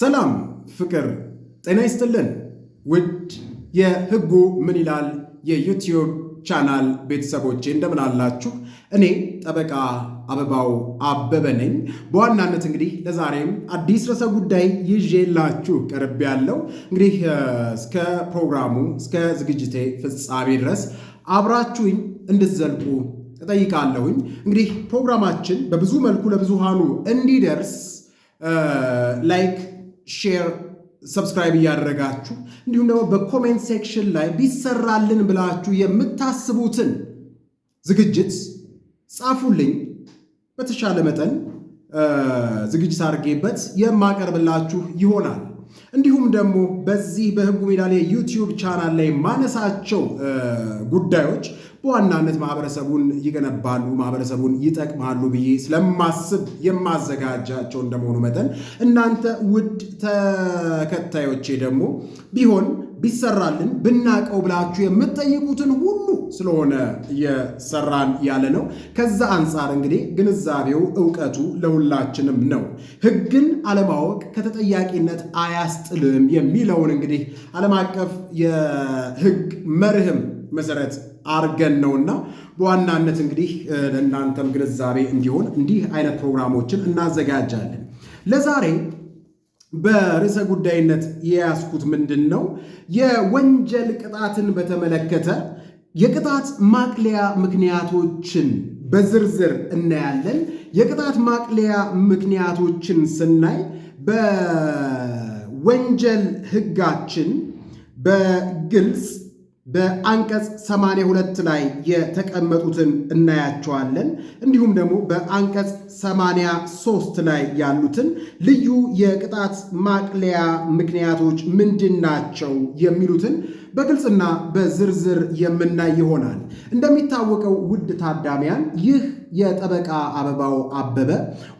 ሰላም ፍቅር ጤና ይስጥልን ውድ የህጉ ምን ይላል የዩቲዩብ ቻናል ቤተሰቦቼ እንደምን አላችሁ? እኔ ጠበቃ አበባው አበበ ነኝ። በዋናነት እንግዲህ ለዛሬም አዲስ ርዕሰ ጉዳይ ይዤላችሁ ቀርብ ያለው እንግዲህ እስከ ፕሮግራሙ እስከ ዝግጅቴ ፍጻሜ ድረስ አብራችሁኝ እንድትዘልቁ እጠይቃለሁኝ። እንግዲህ ፕሮግራማችን በብዙ መልኩ ለብዙሃኑ እንዲደርስ ላይክ ሼር ሰብስክራይብ እያደረጋችሁ እንዲሁም ደግሞ በኮሜንት ሴክሽን ላይ ቢሰራልን ብላችሁ የምታስቡትን ዝግጅት ጻፉልኝ። በተሻለ መጠን ዝግጅት አድርጌበት የማቀርብላችሁ ይሆናል። እንዲሁም ደግሞ በዚህ በህጉ ሜዳ ላይ ዩቲዩብ ቻናል ላይ ማነሳቸው ጉዳዮች በዋናነት ማህበረሰቡን ይገነባሉ፣ ማህበረሰቡን ይጠቅማሉ ብዬ ስለማስብ የማዘጋጃቸው እንደመሆኑ መጠን እናንተ ውድ ተከታዮቼ ደግሞ ቢሆን ቢሰራልን ብናቀው ብላችሁ የምትጠይቁትን ሁሉ ስለሆነ እየሰራን ያለ ነው። ከዛ አንጻር እንግዲህ ግንዛቤው እውቀቱ ለሁላችንም ነው። ሕግን አለማወቅ ከተጠያቂነት አያስጥልም የሚለውን እንግዲህ ዓለም አቀፍ የሕግ መርህም መሰረት አርገን ነውና በዋናነት እንግዲህ ለእናንተም ግንዛቤ እንዲሆን እንዲህ አይነት ፕሮግራሞችን እናዘጋጃለን። ለዛሬ በርዕሰ ጉዳይነት የያዝኩት ምንድን ነው? የወንጀል ቅጣትን በተመለከተ የቅጣት ማቅለያ ምክንያቶችን በዝርዝር እናያለን። የቅጣት ማቅለያ ምክንያቶችን ስናይ በወንጀል ሕጋችን በግልጽ በአንቀጽ 82 ላይ የተቀመጡትን እናያቸዋለን። እንዲሁም ደግሞ በአንቀጽ 83 ላይ ያሉትን ልዩ የቅጣት ማቅለያ ምክንያቶች ምንድን ናቸው የሚሉትን በግልጽና በዝርዝር የምናይ ይሆናል። እንደሚታወቀው ውድ ታዳሚያን ይህ የጠበቃ አበባው አበበ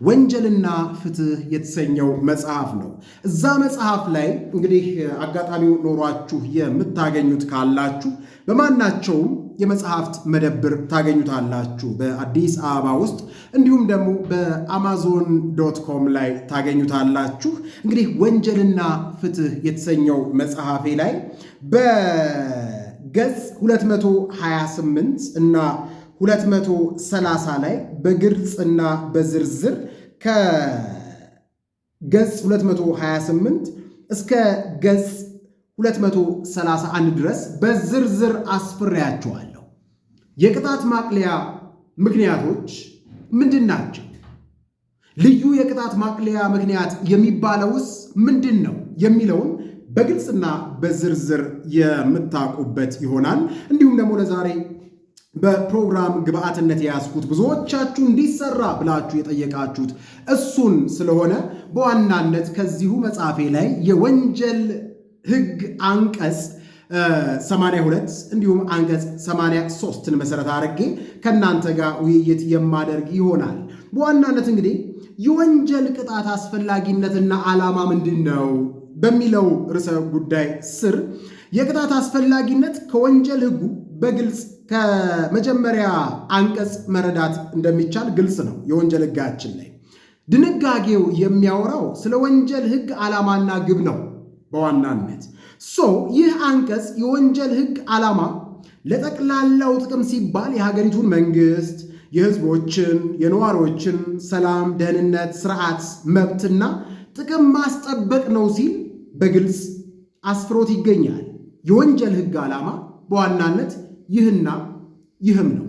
ወንጀልና ፍትህ የተሰኘው መጽሐፍ ነው። እዛ መጽሐፍ ላይ እንግዲህ አጋጣሚው ኖሯችሁ የምታገኙት ካላችሁ በማናቸውም የመጽሐፍት መደብር ታገኙታላችሁ። በአዲስ አበባ ውስጥ እንዲሁም ደግሞ በአማዞን ዶት ኮም ላይ ታገኙታላችሁ። እንግዲህ ወንጀልና ፍትህ የተሰኘው መጽሐፌ ላይ በገጽ 228 እና 230 ላይ በግልጽና በዝርዝር ከገጽ 228 እስከ ገጽ 231 ድረስ በዝርዝር አስፍሬያቸዋለሁ። የቅጣት ማቅለያ ምክንያቶች ምንድን ናቸው? ልዩ የቅጣት ማቅለያ ምክንያት የሚባለውስ ምንድን ነው የሚለውን በግልጽና በዝርዝር የምታውቁበት ይሆናል። እንዲሁም ደግሞ ለዛሬ በፕሮግራም ግብአትነት የያዝኩት ብዙዎቻችሁ እንዲሰራ ብላችሁ የጠየቃችሁት እሱን ስለሆነ በዋናነት ከዚሁ መጽሐፌ ላይ የወንጀል ህግ አንቀጽ 82 እንዲሁም አንቀጽ 83ን መሰረት አድርጌ ከእናንተ ጋር ውይይት የማደርግ ይሆናል። በዋናነት እንግዲህ የወንጀል ቅጣት አስፈላጊነትና ዓላማ ምንድን ነው በሚለው ርዕሰ ጉዳይ ስር የቅጣት አስፈላጊነት ከወንጀል ህጉ በግልጽ ከመጀመሪያ አንቀጽ መረዳት እንደሚቻል ግልጽ ነው። የወንጀል ህጋችን ላይ ድንጋጌው የሚያወራው ስለ ወንጀል ህግ ዓላማና ግብ ነው። በዋናነት ሶ ይህ አንቀጽ የወንጀል ህግ ዓላማ ለጠቅላላው ጥቅም ሲባል የሀገሪቱን መንግስት የህዝቦችን የነዋሪዎችን ሰላም፣ ደህንነት፣ ስርዓት፣ መብትና ጥቅም ማስጠበቅ ነው ሲል በግልጽ አስፍሮት ይገኛል። የወንጀል ህግ ዓላማ በዋናነት ይህና ይህም ነው።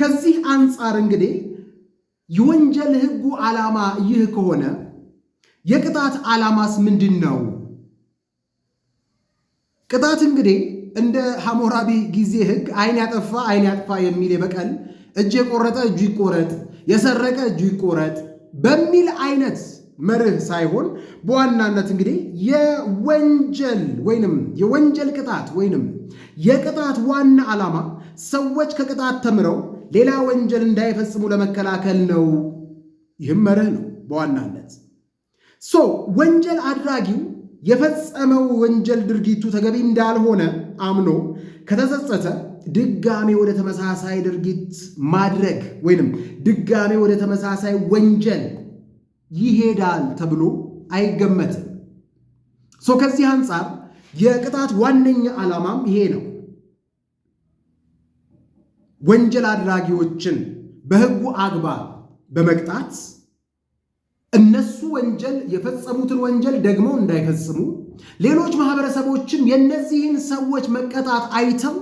ከዚህ አንጻር እንግዲህ የወንጀል ህጉ ዓላማ ይህ ከሆነ የቅጣት ዓላማስ ምንድን ነው? ቅጣት እንግዲህ እንደ ሐሞራቢ ጊዜ ሕግ አይን ያጠፋ አይን ያጥፋ የሚል የበቀል እጅ የቆረጠ እጁ ይቆረጥ፣ የሰረቀ እጁ ይቆረጥ በሚል አይነት መርህ ሳይሆን በዋናነት እንግዲህ የወንጀል ወይንም የወንጀል ቅጣት ወይንም የቅጣት ዋና ዓላማ ሰዎች ከቅጣት ተምረው ሌላ ወንጀል እንዳይፈጽሙ ለመከላከል ነው። ይህም መርህ ነው በዋናነት ሶ ወንጀል አድራጊው የፈጸመው ወንጀል ድርጊቱ ተገቢ እንዳልሆነ አምኖ ከተጸጸተ ድጋሜ ወደ ተመሳሳይ ድርጊት ማድረግ ወይንም ድጋሜ ወደ ተመሳሳይ ወንጀል ይሄዳል ተብሎ አይገመትም። ሶ ከዚህ አንጻር የቅጣት ዋነኛ ዓላማም ይሄ ነው። ወንጀል አድራጊዎችን በሕጉ አግባብ በመቅጣት እነሱ ወንጀል የፈጸሙትን ወንጀል ደግሞ እንዳይፈጽሙ ሌሎች ማህበረሰቦችም የእነዚህን ሰዎች መቀጣት አይተው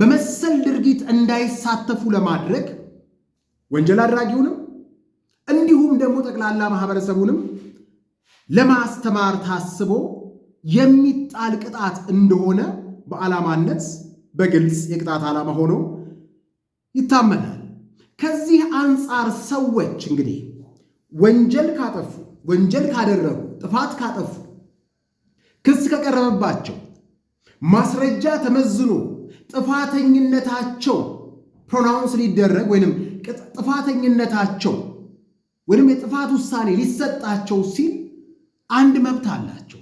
በመሰል ድርጊት እንዳይሳተፉ ለማድረግ ወንጀል አድራጊውንም እንዲሁም ደግሞ ጠቅላላ ማህበረሰቡንም ለማስተማር ታስቦ የሚጣል ቅጣት እንደሆነ በዓላማነት በግልጽ የቅጣት ዓላማ ሆኖ ይታመናል። ከዚህ አንጻር ሰዎች እንግዲህ ወንጀል ካጠፉ፣ ወንጀል ካደረጉ፣ ጥፋት ካጠፉ፣ ክስ ከቀረበባቸው፣ ማስረጃ ተመዝኖ ጥፋተኝነታቸው ፕሮናውንስ ሊደረግ ወይም ጥፋተኝነታቸው ወይም የጥፋት ውሳኔ ሊሰጣቸው ሲል አንድ መብት አላቸው።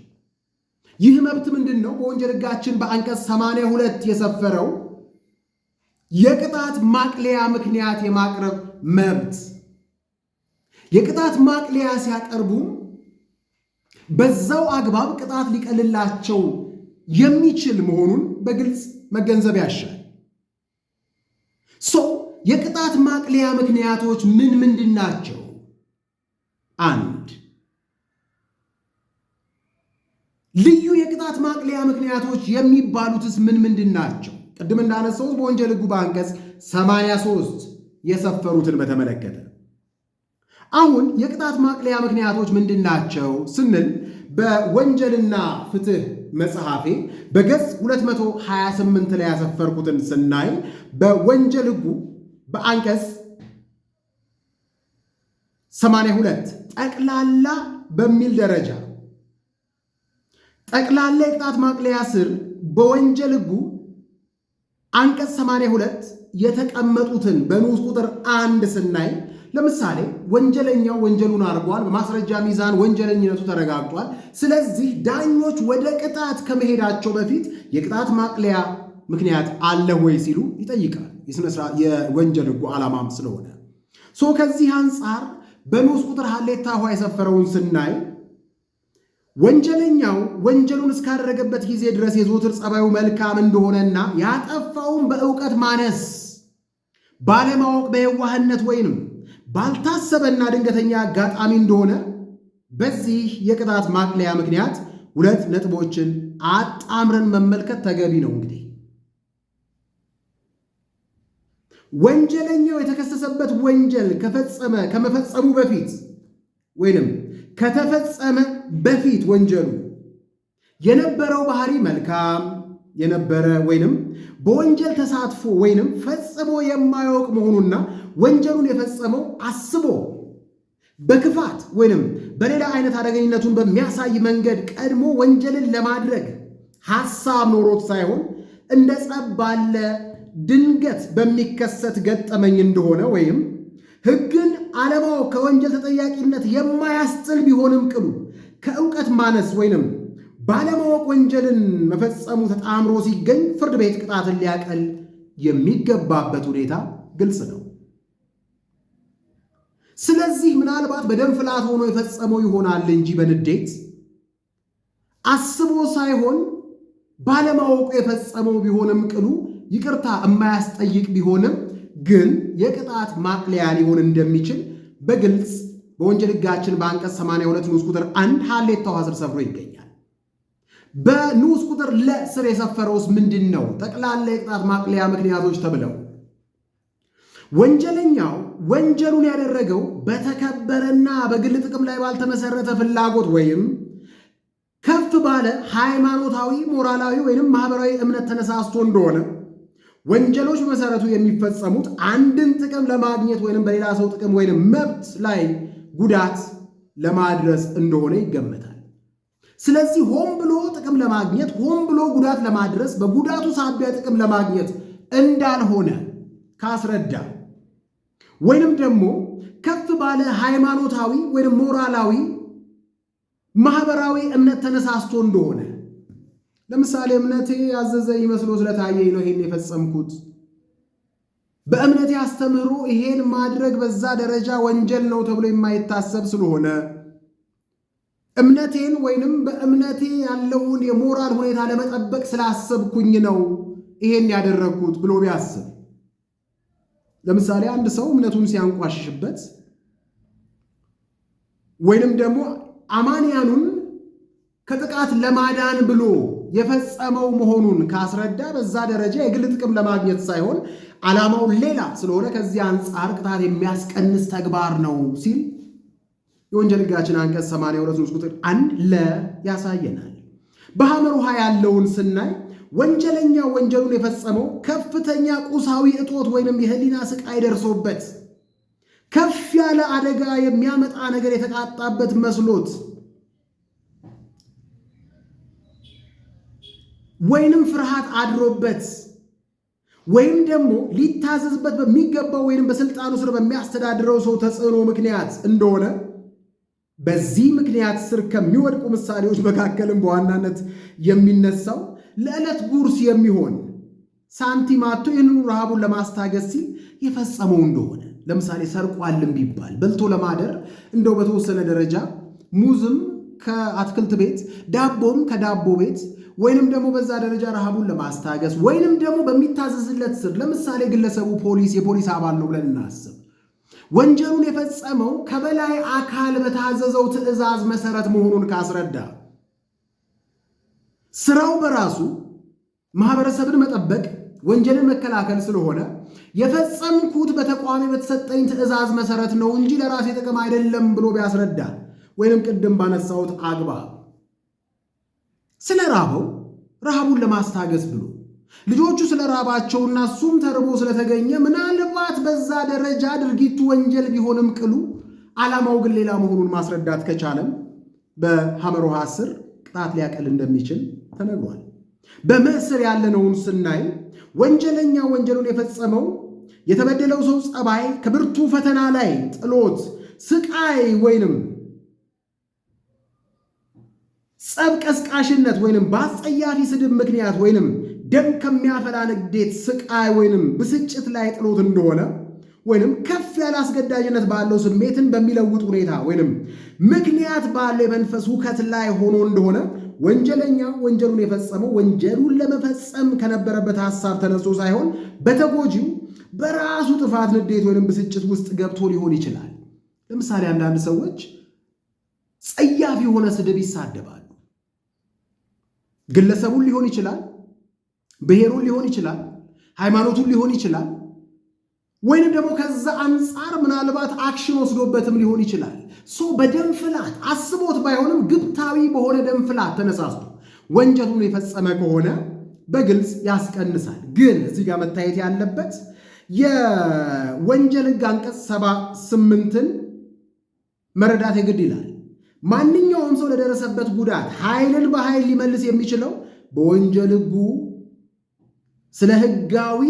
ይህ መብት ምንድን ነው? በወንጀል ሕጋችን በአንቀጽ 82 የሰፈረው የቅጣት ማቅለያ ምክንያት የማቅረብ መብት የቅጣት ማቅለያ ሲያቀርቡም በዛው አግባብ ቅጣት ሊቀልላቸው የሚችል መሆኑን በግልጽ መገንዘብ ያሻል። ሰው የቅጣት ማቅለያ ምክንያቶች ምን ምንድን ናቸው? አንድ ልዩ የቅጣት ማቅለያ ምክንያቶች የሚባሉትስ ምን ምንድን ናቸው? ቅድም እንዳነሳሁት በወንጀል ሕጉ በአንቀጽ 83 የሰፈሩትን በተመለከተ አሁን የቅጣት ማቅለያ ምክንያቶች ምንድን ናቸው ስንል በወንጀልና ፍትህ መጽሐፌ በገጽ 228 ላይ ያሰፈርኩትን ስናይ በወንጀል ህጉ በአንቀጽ 82 ጠቅላላ በሚል ደረጃ ጠቅላላ የቅጣት ማቅለያ ስር በወንጀል ህጉ አንቀጽ 82 የተቀመጡትን በንዑስ ቁጥር አንድ ስናይ ለምሳሌ ወንጀለኛው ወንጀሉን አድርጓል፣ በማስረጃ ሚዛን ወንጀለኝነቱ ተረጋግጧል። ስለዚህ ዳኞች ወደ ቅጣት ከመሄዳቸው በፊት የቅጣት ማቅለያ ምክንያት አለ ወይ ሲሉ ይጠይቃል። የወንጀል ሕጉ ዓላማም ስለሆነ ሶ ከዚህ አንጻር በንዑስ ቁጥር ሀሌታ ውሃ የሰፈረውን ስናይ ወንጀለኛው ወንጀሉን እስካደረገበት ጊዜ ድረስ የዘወትር ጸባዩ መልካም እንደሆነና ያጠፋውን በእውቀት ማነስ ባለማወቅ በየዋህነት ወይንም ባልታሰበና ድንገተኛ አጋጣሚ እንደሆነ በዚህ የቅጣት ማቅለያ ምክንያት ሁለት ነጥቦችን አጣምረን መመልከት ተገቢ ነው። እንግዲህ ወንጀለኛው የተከሰሰበት ወንጀል ከፈጸመ ከመፈጸሙ በፊት ወይንም ከተፈጸመ በፊት ወንጀሉ የነበረው ባህሪ መልካም የነበረ ወይንም በወንጀል ተሳትፎ ወይንም ፈጽሞ የማያውቅ መሆኑና ወንጀሉን የፈጸመው አስቦ በክፋት ወይንም በሌላ አይነት አደገኝነቱን በሚያሳይ መንገድ ቀድሞ ወንጀልን ለማድረግ ሐሳብ ኖሮት ሳይሆን እንደ ጸብ ባለ ድንገት በሚከሰት ገጠመኝ እንደሆነ ወይም ሕግን አለማወቅ ከወንጀል ተጠያቂነት የማያስጥል ቢሆንም ቅሉ ከእውቀት ማነስ ወይንም ባለማወቅ ወንጀልን መፈጸሙ ተጣምሮ ሲገኝ ፍርድ ቤት ቅጣትን ሊያቀል የሚገባበት ሁኔታ ግልጽ ነው። ስለዚህ ምናልባት በደም ፍላት ሆኖ የፈጸመው ይሆናል እንጂ በንዴት አስቦ ሳይሆን ባለማወቁ የፈጸመው ቢሆንም ቅሉ ይቅርታ የማያስጠይቅ ቢሆንም ግን የቅጣት ማቅለያ ሊሆን እንደሚችል በግልጽ በወንጀል ሕጋችን በአንቀጽ 82 ንዑስ ቁጥር አንድ ሀሌታው ስር ሰፍሮ ይገኛል። በንዑስ ቁጥር ለስር የሰፈረውስ ምንድን ነው? ጠቅላላ የቅጣት ማቅለያ ምክንያቶች ተብለው ወንጀለኛው ወንጀሉን ያደረገው በተከበረና በግል ጥቅም ላይ ባልተመሰረተ ፍላጎት ወይም ከፍ ባለ ሃይማኖታዊ፣ ሞራላዊ ወይም ማህበራዊ እምነት ተነሳስቶ እንደሆነ ወንጀሎች መሰረቱ የሚፈጸሙት አንድን ጥቅም ለማግኘት ወይም በሌላ ሰው ጥቅም ወይም መብት ላይ ጉዳት ለማድረስ እንደሆነ ይገመታል። ስለዚህ ሆን ብሎ ጥቅም ለማግኘት ሆን ብሎ ጉዳት ለማድረስ በጉዳቱ ሳቢያ ጥቅም ለማግኘት እንዳልሆነ ካስረዳ ወይንም ደግሞ ከፍ ባለ ሃይማኖታዊ ወይም ሞራላዊ ማህበራዊ እምነት ተነሳስቶ እንደሆነ ለምሳሌ እምነቴ ያዘዘ ይመስሎ ስለታየኝ ነው ይሄን የፈጸምኩት። በእምነቴ አስተምህሮ ይሄን ማድረግ በዛ ደረጃ ወንጀል ነው ተብሎ የማይታሰብ ስለሆነ እምነቴን ወይንም በእምነቴ ያለውን የሞራል ሁኔታ ለመጠበቅ ስላሰብኩኝ ነው ይሄን ያደረግኩት ብሎ ቢያስብ ለምሳሌ አንድ ሰው እምነቱን ሲያንቋሽሽበት ወይንም ደግሞ አማንያኑን ከጥቃት ለማዳን ብሎ የፈጸመው መሆኑን ካስረዳ በዛ ደረጃ የግል ጥቅም ለማግኘት ሳይሆን ዓላማው ሌላ ስለሆነ ከዚህ አንጻር ቅጣት የሚያስቀንስ ተግባር ነው ሲል የወንጀል ሕጋችን አንቀጽ 82 ንዑስ ቁጥር አንድ ለ ያሳየናል። በሐመር ውሃ ያለውን ስናይ ወንጀለኛ ወንጀሉን የፈጸመው ከፍተኛ ቁሳዊ እጦት ወይንም የህሊና ስቃይ ደርሶበት ከፍ ያለ አደጋ የሚያመጣ ነገር የተቃጣበት መስሎት ወይንም ፍርሃት አድሮበት ወይም ደግሞ ሊታዘዝበት በሚገባው ወይንም በስልጣኑ ስር በሚያስተዳድረው ሰው ተጽዕኖ ምክንያት እንደሆነ በዚህ ምክንያት ስር ከሚወድቁ ምሳሌዎች መካከልም በዋናነት የሚነሳው ለዕለት ጉርስ የሚሆን ሳንቲም አቶ ይህንኑ ረሃቡን ለማስታገስ ሲል የፈጸመው እንደሆነ ለምሳሌ ሰርቋልም ቢባል በልቶ ለማደር እንደው በተወሰነ ደረጃ ሙዝም ከአትክልት ቤት ዳቦም ከዳቦ ቤት ወይንም ደግሞ በዛ ደረጃ ረሃቡን ለማስታገስ ወይንም ደግሞ በሚታዘዝለት ስር ለምሳሌ ግለሰቡ ፖሊስ የፖሊስ አባል ነው ብለን እናስብ። ወንጀሉን የፈጸመው ከበላይ አካል በታዘዘው ትዕዛዝ መሰረት መሆኑን ካስረዳ ስራው በራሱ ማህበረሰብን መጠበቅ፣ ወንጀልን መከላከል ስለሆነ የፈጸምኩት በተቋሚ በተሰጠኝ ትዕዛዝ መሰረት ነው እንጂ ለራሴ ጥቅም አይደለም ብሎ ቢያስረዳ ወይንም ቅድም ባነሳሁት አግባብ ስለ ራበው ረሃቡን ለማስታገስ ብሎ ልጆቹ ስለ ራባቸውና እሱም ተርቦ ስለተገኘ ምናልባት በዛ ደረጃ ድርጊቱ ወንጀል ቢሆንም ቅሉ ዓላማው ግን ሌላ መሆኑን ማስረዳት ከቻለም በሐመር ውሃ ስር ቅጣት ሊያቀል እንደሚችል ተነግሯል። በምስር ያለነውን ስናይ ወንጀለኛ ወንጀሉን የፈጸመው የተበደለው ሰው ጸባይ ከብርቱ ፈተና ላይ ጥሎት ስቃይ ወይንም ጸብ ቀስቃሽነት ወይንም በአስጸያፊ ስድብ ምክንያት ወይንም ደም ከሚያፈላ ንዴት ስቃይ ወይንም ብስጭት ላይ ጥሎት እንደሆነ ወይንም ከፍ ያለ አስገዳጅነት ባለው ስሜትን በሚለውጥ ሁኔታ ወይንም ምክንያት ባለው የመንፈስ ውከት ላይ ሆኖ እንደሆነ ወንጀለኛ ወንጀሉን የፈጸመው ወንጀሉን ለመፈጸም ከነበረበት ሐሳብ ተነስቶ ሳይሆን በተጎጂው በራሱ ጥፋት ንዴት ወይም ብስጭት ውስጥ ገብቶ ሊሆን ይችላል። ለምሳሌ አንዳንድ ሰዎች ጸያፍ የሆነ ስድብ ይሳደባሉ። ግለሰቡን ሊሆን ይችላል፣ ብሔሩን ሊሆን ይችላል፣ ሃይማኖቱን ሊሆን ይችላል ወይንም ደግሞ ከዛ አንጻር ምናልባት አክሽን ወስዶበትም ሊሆን ይችላል። ሶ በደም ፍላት አስቦት ባይሆንም ግብታዊ በሆነ ደም ፍላት ተነሳስቶ ወንጀሉን የፈጸመ ከሆነ በግልጽ ያስቀንሳል። ግን እዚህ ጋር መታየት ያለበት የወንጀል ሕግ አንቀጽ ሰባ ስምንትን መረዳት የግድ ይላል። ማንኛውም ሰው ለደረሰበት ጉዳት ኃይልን በኃይል ሊመልስ የሚችለው በወንጀል ሕጉ ስለ ሕጋዊ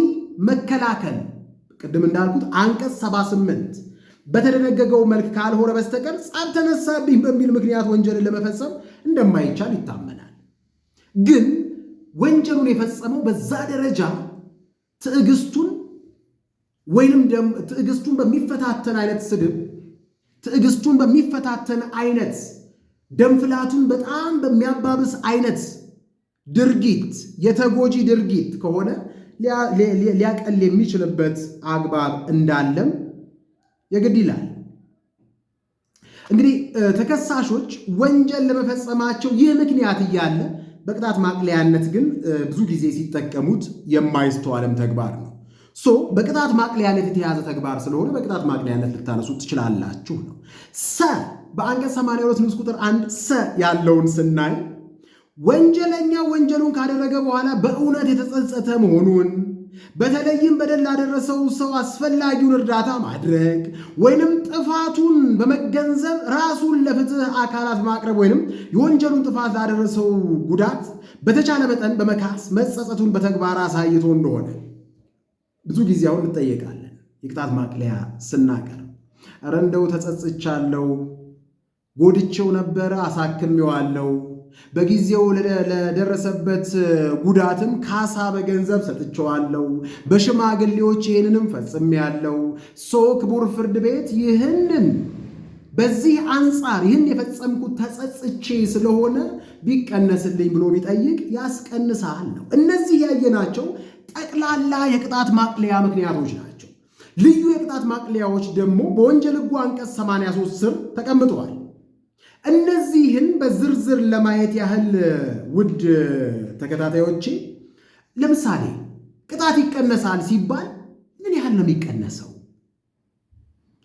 መከላከል ቅድም እንዳልኩት አንቀጽ 78 በተደነገገው መልክ ካልሆነ በስተቀር ጸብ ተነሳብኝ በሚል ምክንያት ወንጀልን ለመፈጸም እንደማይቻል ይታመናል። ግን ወንጀሉን የፈጸመው በዛ ደረጃ ትዕግስቱን ወይንም ትዕግስቱን በሚፈታተን አይነት ስድብ፣ ትዕግስቱን በሚፈታተን አይነት ደምፍላቱን በጣም በሚያባብስ አይነት ድርጊት የተጎጂ ድርጊት ከሆነ ሊያቀል የሚችልበት አግባብ እንዳለም የግድ ይላል። እንግዲህ ተከሳሾች ወንጀል ለመፈጸማቸው ይህ ምክንያት እያለ በቅጣት ማቅለያነት ግን ብዙ ጊዜ ሲጠቀሙት የማይስተዋልም ተግባር ነው። ሶ በቅጣት ማቅለያነት የተያዘ ተግባር ስለሆነ በቅጣት ማቅለያነት ልታነሱ ትችላላችሁ ነው። ሰ በአንቀጽ 82 ንዑስ ቁጥር አንድ ሰ ያለውን ስናይ ወንጀለኛ ወንጀሉን ካደረገ በኋላ በእውነት የተጸጸተ መሆኑን በተለይም በደል ላደረሰው ሰው አስፈላጊውን እርዳታ ማድረግ ወይንም ጥፋቱን በመገንዘብ ራሱን ለፍትህ አካላት ማቅረብ ወይንም የወንጀሉን ጥፋት ላደረሰው ጉዳት በተቻለ መጠን በመካስ መጸጸቱን በተግባር አሳይቶ እንደሆነ ብዙ ጊዜ አሁን እንጠየቃለን። የቅጣት ማቅለያ ስናቀር እረ እንደው ተጸጽቻለሁ፣ ጎድቼው ነበረ፣ አሳክሜዋለሁ በጊዜው ለደረሰበት ጉዳትም ካሳ በገንዘብ ሰጥቼዋለሁ። በሽማግሌዎች ይህንንም ፈጽሜያለሁ። ሶ ክቡር ፍርድ ቤት ይህንን በዚህ አንጻር ይህን የፈጸምኩት ተጸጽቼ ስለሆነ ቢቀነስልኝ ብሎ ቢጠይቅ ያስቀንሳል ነው። እነዚህ ያየናቸው ጠቅላላ የቅጣት ማቅለያ ምክንያቶች ናቸው። ልዩ የቅጣት ማቅለያዎች ደግሞ በወንጀል ሕጉ አንቀጽ 83 ስር ተቀምጠዋል። እነዚህን በዝርዝር ለማየት ያህል ውድ ተከታታዮቼ፣ ለምሳሌ ቅጣት ይቀነሳል ሲባል ምን ያህል ነው የሚቀነሰው?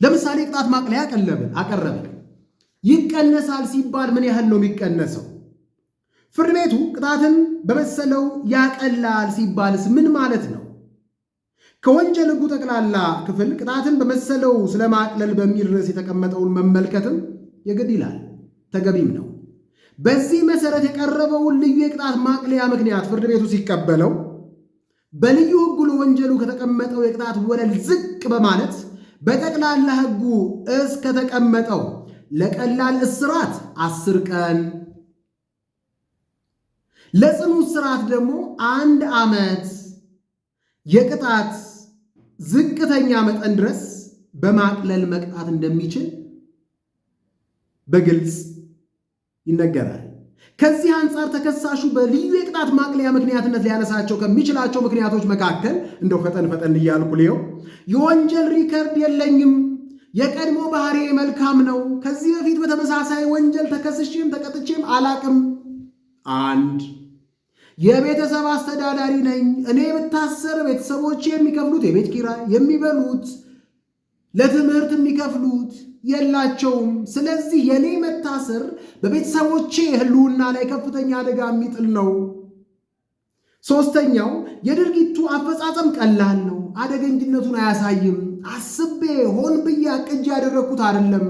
ለምሳሌ ቅጣት ማቅለያ አቀለብን አቀረብን ይቀነሳል ሲባል ምን ያህል ነው የሚቀነሰው? ፍርድ ቤቱ ቅጣትን በመሰለው ያቀላል ሲባልስ ምን ማለት ነው? ከወንጀል ሕጉ ጠቅላላ ክፍል ቅጣትን በመሰለው ስለማቅለል በሚል ርዕስ የተቀመጠውን መመልከትም የግድ ይላል። ተገቢም ነው። በዚህ መሰረት የቀረበውን ልዩ የቅጣት ማቅለያ ምክንያት ፍርድ ቤቱ ሲቀበለው በልዩ ሕጉ ለወንጀሉ ከተቀመጠው የቅጣት ወለል ዝቅ በማለት በጠቅላላ ሕጉ እስከተቀመጠው ለቀላል እስራት አስር ቀን ለጽኑ እስራት ደግሞ አንድ ዓመት የቅጣት ዝቅተኛ መጠን ድረስ በማቅለል መቅጣት እንደሚችል በግልጽ ይነገራል። ከዚህ አንጻር ተከሳሹ በልዩ የቅጣት ማቅለያ ምክንያትነት ሊያነሳቸው ከሚችላቸው ምክንያቶች መካከል እንደው ፈጠን ፈጠን እያልኩ ልየው፣ የወንጀል ሪከርድ የለኝም፣ የቀድሞ ባህሪ መልካም ነው፣ ከዚህ በፊት በተመሳሳይ ወንጀል ተከስሼም ተቀጥቼም አላቅም። አንድ የቤተሰብ አስተዳዳሪ ነኝ። እኔ ብታሰር ቤተሰቦቼ የሚከፍሉት የቤት ኪራይ፣ የሚበሉት ለትምህርት የሚከፍሉት የላቸውም። ስለዚህ የኔ መታሰር በቤተሰቦቼ ሕልውና ላይ ከፍተኛ አደጋ የሚጥል ነው። ሶስተኛው የድርጊቱ አፈጻጸም ቀላል ነው። አደገኝነቱን አያሳይም። አስቤ ሆን ብዬ ቅጅ ያደረግኩት አይደለም።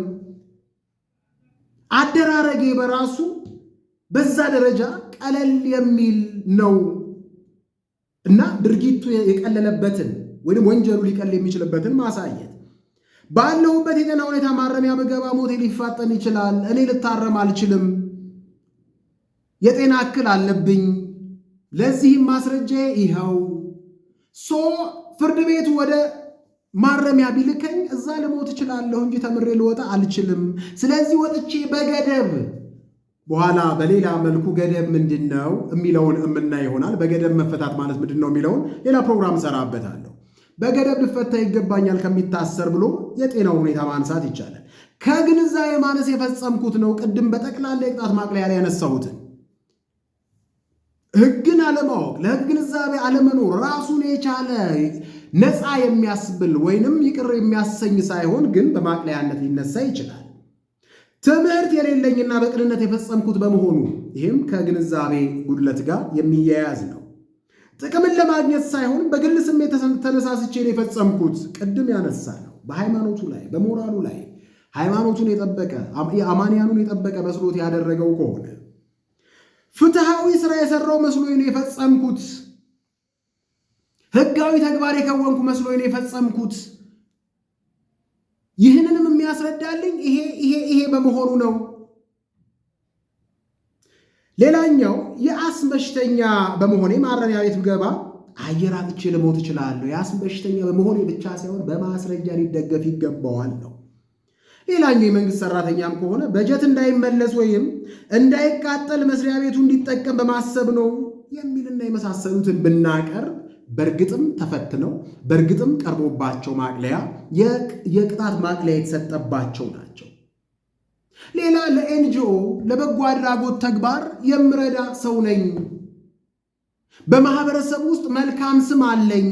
አደራረጌ በራሱ በዛ ደረጃ ቀለል የሚል ነው እና ድርጊቱ የቀለለበትን ወይም ወንጀሉ ሊቀል የሚችልበትን ማሳየት ባለሁበት የጤና ሁኔታ ማረሚያ ብገባ ሞቴ ሊፋጠን ይችላል። እኔ ልታረም አልችልም። የጤና እክል አለብኝ። ለዚህም ማስረጃ ይኸው ሶ ፍርድ ቤቱ ወደ ማረሚያ ቢልከኝ እዛ ልሞት እችላለሁ እንጂ ተምሬ ልወጣ አልችልም። ስለዚህ ወጥቼ በገደብ በኋላ በሌላ መልኩ ገደብ ምንድን ነው የሚለውን እምና ይሆናል። በገደብ መፈታት ማለት ምንድን ነው የሚለውን ሌላ ፕሮግራም እሰራበታለሁ። በገደብ ልፈታ ይገባኛል ከሚታሰር ብሎ የጤናው ሁኔታ ማንሳት ይቻላል። ከግንዛቤ ማነስ የፈጸምኩት ነው። ቅድም በጠቅላላ የቅጣት ማቅለያ ላይ ያነሳሁትን ህግን አለማወቅ ለህግንዛቤ ግንዛቤ አለመኖር ራሱን የቻለ ነፃ የሚያስብል ወይንም ይቅር የሚያሰኝ ሳይሆን ግን በማቅለያነት ሊነሳ ይችላል። ትምህርት የሌለኝና በቅንነት የፈጸምኩት በመሆኑ ይህም ከግንዛቤ ጉድለት ጋር የሚያያዝ ነው። ጥቅምን ለማግኘት ሳይሆን በግል ስሜት ተነሳስቼ የፈጸምኩት ቅድም ያነሳ ነው። በሃይማኖቱ ላይ በሞራሉ ላይ ሃይማኖቱን የጠበቀ አማንያኑን የጠበቀ መስሎት ያደረገው ከሆነ ፍትሃዊ ስራ የሰራው መስሎ የፈጸምኩት ህጋዊ ተግባር የከወንኩ መስሎ የፈጸምኩት ይህንንም የሚያስረዳልኝ ይሄ ይሄ ይሄ በመሆኑ ነው ሌላኛው የአስም በሽተኛ በመሆኔ ማረሚያ ቤት ብገባ አየር አጥቼ ልሞት እችላለሁ። የአስም በሽተኛ በመሆኔ ብቻ ሳይሆን በማስረጃ ሊደገፍ ይገባዋል ነው። ሌላኛው የመንግስት ሰራተኛም ከሆነ በጀት እንዳይመለስ ወይም እንዳይቃጠል መስሪያ ቤቱ እንዲጠቀም በማሰብ ነው የሚልና የመሳሰሉትን ብናቀርብ በእርግጥም ተፈትነው በእርግጥም ቀርቦባቸው ማቅለያ የቅጣት ማቅለያ የተሰጠባቸው ናቸው። ሌላ ለኤንጂኦ ለበጎ አድራጎት ተግባር የምረዳ ሰው ነኝ። በማህበረሰብ ውስጥ መልካም ስም አለኝ።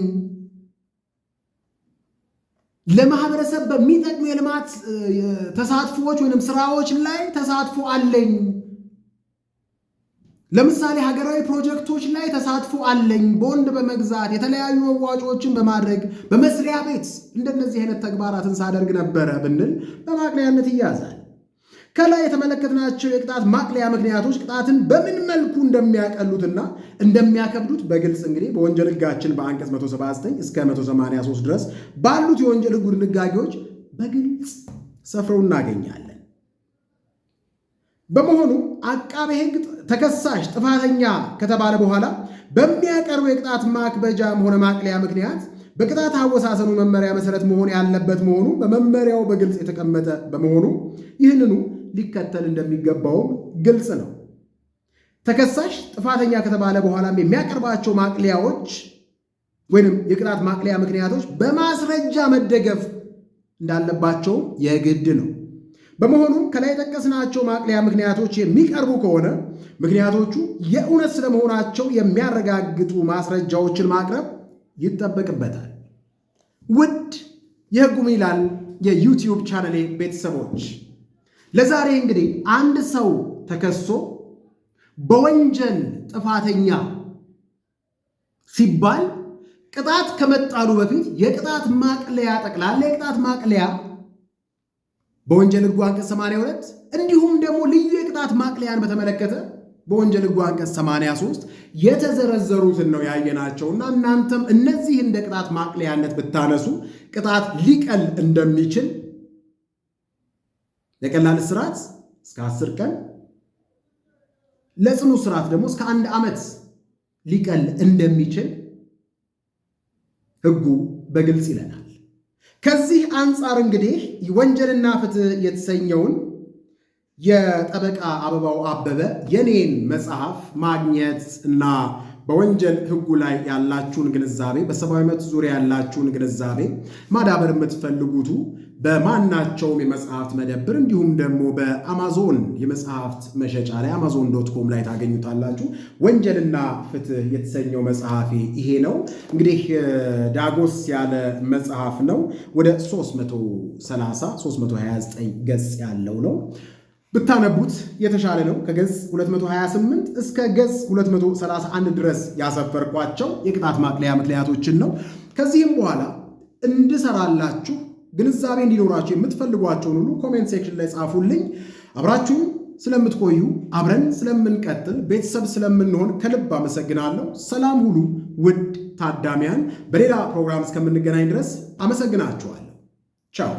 ለማህበረሰብ በሚጠቅሙ የልማት ተሳትፎዎች ወይም ስራዎች ላይ ተሳትፎ አለኝ። ለምሳሌ ሀገራዊ ፕሮጀክቶች ላይ ተሳትፎ አለኝ። ቦንድ በመግዛት የተለያዩ መዋጮዎችን በማድረግ በመስሪያ ቤት እንደነዚህ አይነት ተግባራትን ሳደርግ ነበረ ብንል በማቅለያነት ይያዛል። ከላይ የተመለከትናቸው የቅጣት ማቅለያ ምክንያቶች ቅጣትን በምን መልኩ እንደሚያቀሉትና እንደሚያከብዱት በግልጽ እንግዲህ በወንጀል ህጋችን በአንቀጽ 179 እስከ 183 ድረስ ባሉት የወንጀል ህጉ ድንጋጌዎች በግልጽ ሰፍረው እናገኛለን። በመሆኑ አቃቤ ህግ ተከሳሽ ጥፋተኛ ከተባለ በኋላ በሚያቀርቡ የቅጣት ማክበጃም ሆነ ማቅለያ ምክንያት በቅጣት አወሳሰኑ መመሪያ መሰረት መሆን ያለበት መሆኑ በመመሪያው በግልጽ የተቀመጠ በመሆኑ ይህንኑ ሊከተል እንደሚገባውም ግልጽ ነው። ተከሳሽ ጥፋተኛ ከተባለ በኋላም የሚያቀርባቸው ማቅለያዎች ወይም የቅጣት ማቅለያ ምክንያቶች በማስረጃ መደገፍ እንዳለባቸው የግድ ነው። በመሆኑም ከላይ የጠቀስናቸው ማቅለያ ምክንያቶች የሚቀርቡ ከሆነ ምክንያቶቹ የእውነት ስለመሆናቸው የሚያረጋግጡ ማስረጃዎችን ማቅረብ ይጠበቅበታል። ውድ የሕጉ ምን ይላል የዩቲዩብ ቻነሌ ቤተሰቦች ለዛሬ እንግዲህ አንድ ሰው ተከሶ በወንጀል ጥፋተኛ ሲባል ቅጣት ከመጣሉ በፊት የቅጣት ማቅለያ ጠቅላላ የቅጣት ማቅለያ በወንጀል ሕጉ አንቀጽ 82 እንዲሁም ደግሞ ልዩ የቅጣት ማቅለያን በተመለከተ በወንጀል ሕጉ አንቀጽ 83 የተዘረዘሩትን ነው እና እናንተም እነዚህ እንደ ቅጣት ማቅለያነት ብታነሱ ቅጣት ሊቀል እንደሚችል ለቀላል እስራት እስከ አስር ቀን ለጽኑ እስራት ደግሞ እስከ አንድ ዓመት ሊቀል እንደሚችል ህጉ በግልጽ ይለናል። ከዚህ አንጻር እንግዲህ ወንጀልና ፍትህ የተሰኘውን የጠበቃ አበባው አበበ የኔን መጽሐፍ ማግኘት እና በወንጀል ህጉ ላይ ያላችሁን ግንዛቤ፣ በሰብአዊ መብት ዙሪያ ያላችሁን ግንዛቤ ማዳበር የምትፈልጉቱ በማናቸውም የመጽሐፍት መደብር እንዲሁም ደግሞ በአማዞን የመጽሐፍት መሸጫ ላይ አማዞን ዶት ኮም ላይ ታገኙታላችሁ። ወንጀልና ፍትህ የተሰኘው መጽሐፌ ይሄ ነው። እንግዲህ ዳጎስ ያለ መጽሐፍ ነው። ወደ 330 329 ገጽ ያለው ነው። ብታነቡት የተሻለ ነው። ከገጽ 228 እስከ ገጽ 231 ድረስ ያሰፈርኳቸው የቅጣት ማቅለያ ምክንያቶችን ነው። ከዚህም በኋላ እንድሰራላችሁ ግንዛቤ እንዲኖራቸው የምትፈልጓቸውን ሁሉ ኮሜንት ሴክሽን ላይ ጻፉልኝ። አብራችሁ ስለምትቆዩ አብረን ስለምንቀጥል ቤተሰብ ስለምንሆን ከልብ አመሰግናለሁ። ሰላም ሁሉ ውድ ታዳሚያን፣ በሌላ ፕሮግራም እስከምንገናኝ ድረስ አመሰግናችኋለሁ። ቻው